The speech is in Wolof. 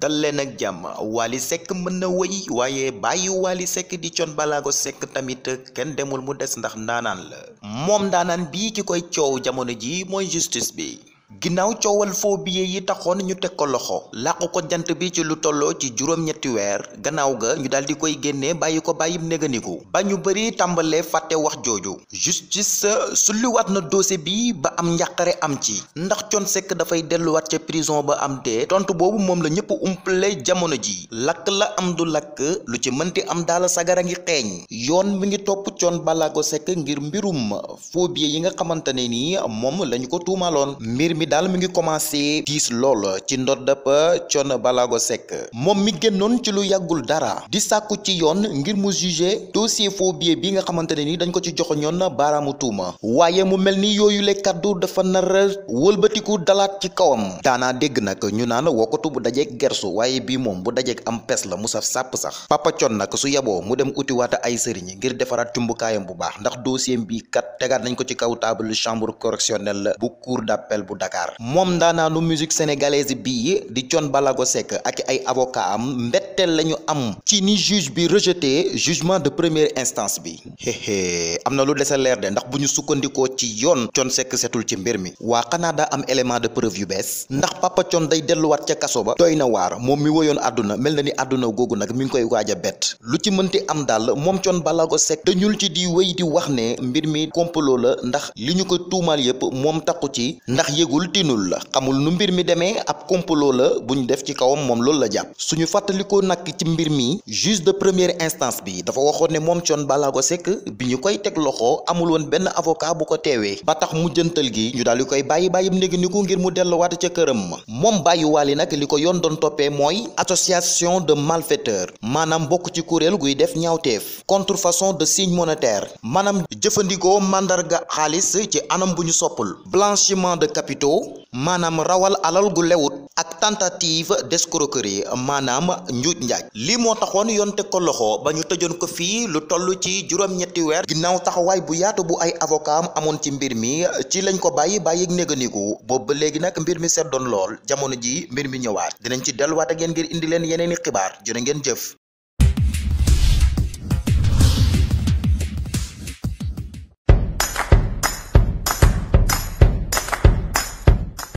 dal leen ak jàmm Wally Seck mën na wëy waaye bàyyi Wally Seck di Thione Ballago sekk tamit kenn demul mu des ndax ndaanaan la moom ndaanaan bii ki koy coow jamono ji mooy justice bi ginnaaw coowal faux billets yi taxoon ñu teg ko loxo làqu ko jant bi ci lu tolloo ci juróom-ñetti weer gannaaw ga ñu daal di koy génnee bàyyi ko bàyyib néganiku ba ñu bëri tàmbalee fàtte wax jooju justice sulliwaat na dossier bi ba am njàqare am ci ndax Thione sekk dafay delluwaat ca prison ba am dee tontu boobu moom la ñëpp umpale jamono ji lakk la am du lakk lu ci mënti am daala sagara ngi xeeñ yoon mu ngi topp coon Ballago Seck ngir mbirum faux yi nga xamante ne nii moom lañu daal mi ngi commencé diis lool ci ndoddab Thione Ballago Seck moom mi génnoon ci lu yàggul dara di sàkku ci yoon ngir mu jugé dossier faux bi nga xamante ne ni dañ ko ci joxoñoon baaraamu tuuma waaye mu mel ni yooyu le kaddu dafa nar wëlbatiku dalaat ci kawam daanaa dégg nag ñu naan wokkatu bu dajeeg gersu waaye bii moom bu dajeeg am pes la mu saf sàpp sax papa Thione nag su yeboo mu dem utiwaata ay sëriñ ngir defaraat cumbukaayam bu baax ndax dossier bi kat tegaat nañ ko ci kaw table chambre correctionnelle bu cour d'appel bu Dakar Dakar moom ndaanaanu musique sénégalaise bii di Thione Ballago Seck ak ay avocat am mbetteel la ñu am ci ni juge bi rejeté jugement de première instance bi héhé am na lu dese leer de ndax bu ñu sukkandikoo ci yoon Thione Seck setul ci mbir mi waa xanaa daa am élément de preuve yu bees ndax Papa Thione day delluwaat ca kaso ba doy na waar moom mi woyoon àdduna mel na ni àdduna googu nag mi ngi koy waaj a bett lu ci mën ti am daal moom Thione Ballago Seck dañul ci di wéy di wax ne mbir mi complot la ndax li ñu ko tuumaal yëpp tinul la xamul nu mbir mi demee ab complot la bu ñu def ci kawam moom loolu la jàpp suñu fàttalikoo nag ci mbir mi juge de première instance bi dafa waxoon ne moom Thione Ballago sekk bi ñu koy teg loxo amul woon benn avocat bu ko teewee ba tax mujjantal gi ñu daal di koy bàyyi bàyyi néegi ni ko ngir mu delluwaat ca këram ma moom bàyyiwaale nag li ko yoon doon toppee mooy association de malfaiteurs maanaam bokk ci kuréel guy def ñaawteef contrefaçon de signe monétaire maanaam jëfandikoo màndarga xaalis ci anam bu ñu soppul blanchiment de capitaux maanaam rawal alal gu lewut ak tentative d'escroquerie maanaam njuuj njaaj lii moo taxoon yoon teg ko loxo ba ñu tëjoon ko fii lu toll ci juróom-ñetti weer ginnaaw taxawaay bu yaatu bu ay avocat am amoon ci mbir mi ci lañ ko bàyyi bàyyi néganiku boobu ba léegi nag mbir mi seddoon lool jamono ji mbir mi ñëwaat dinañ ci delluwaat a ngeen ngir indi leen yeneeni xibaar jërë ngeen jëf